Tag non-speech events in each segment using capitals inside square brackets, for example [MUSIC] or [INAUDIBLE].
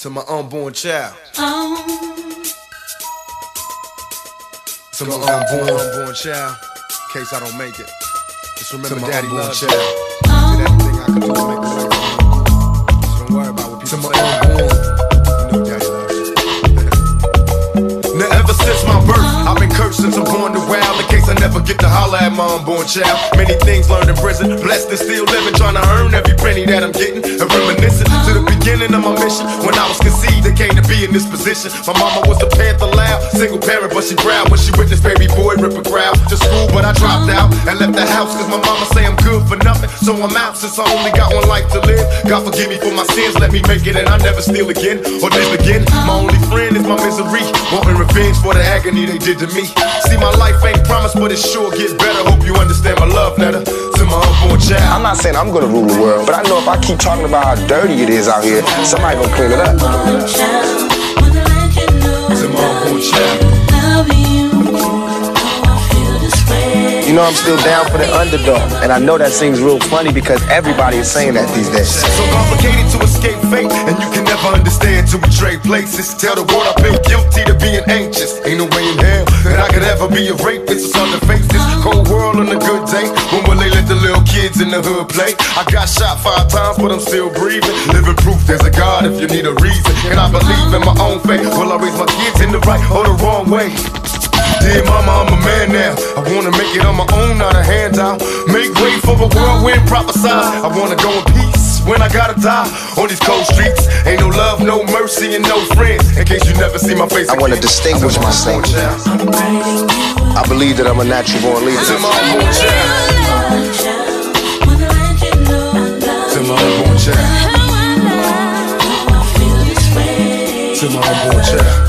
to my unborn child. Um. To my unborn, unborn child, in case I don't make it. Just remember to my daddy loves child. you. Um. Did everything I could do to make So don't worry about what people to my say. Unborn. [LAUGHS] now ever since my birth, um. I've been cursed since I'm born to never get to holler at my unborn child. Many things learned in prison, blessed and still living, trying to earn every penny that I'm getting. And reminiscing to the beginning of my mission when I was conceived, I came to be in this position. My mama was a panther loud, single parent when she growled, when she witnessed baby boy rip a growl to school, but I dropped mm-hmm. out and left the house cause my mama say I'm good for nothing. So I'm out since I only got one life to live. God forgive me for my sins, let me make it and I never steal again or live again. My only friend is my misery, wanting revenge for the agony they did to me. See, my life ain't promised, but it sure gets better. Hope you understand my love letter to my unborn I'm not saying I'm gonna rule the world, but I know if I keep talking about how dirty it is out here, somebody gonna clean it up. know I'm still down for the underdog. And I know that seems real funny because everybody is saying that these days. So complicated to escape fate, and you can never understand to betray trade places. Tell the world I've been guilty to being anxious. Ain't no way in hell that I could ever be a rapist. or on the faces. Cold world on a good day. When will they let the little kids in the hood play? I got shot five times, but I'm still breathing. Living proof there's a God if you need a reason. And I believe in my own faith. Will I raise my kids in the right or the wrong way? Dear mama, I'm a man now. I wanna make it on my own, not a handout. Make way for a whirlwind, prophesize. I wanna go in peace when I gotta die. On these cold streets, ain't no love, no mercy, and no friends. In case you never see my face, I wanna distinguish I myself. I believe that I'm a natural born leader. To my unborn child. To my unborn child. To my child.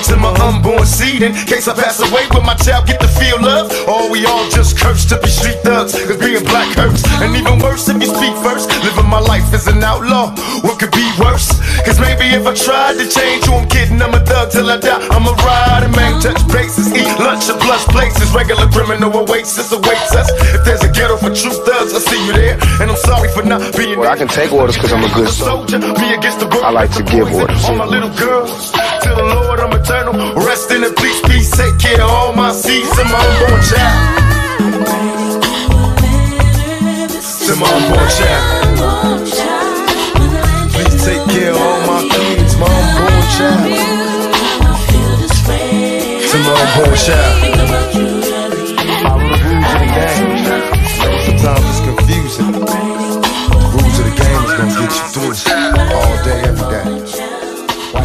eggs in my unborn seed in case I pass away. Will my child get to feel love? Or we all just cursed to be street thugs? Cause being black hurts. And even worse if you speak first. Living my life as an outlaw. What could be worse? Cause maybe if I tried to change who I'm kidding, I'm a thug till I die. I'm a rider, man. Touch bases, eat lunch at plush places. Regular criminal oasis awaits us. If there's a for truth I see you there, and I'm sorry for not being well, I can take orders because I'm a good soldier. Be the I like to give orders. On my little girls, to the Lord I'm eternal. Rest in peace, peace. Take care of all my seeds and my unborn child. To my unborn child. Please take care of all my kids, my unborn child. To my unborn child.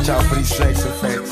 out free sex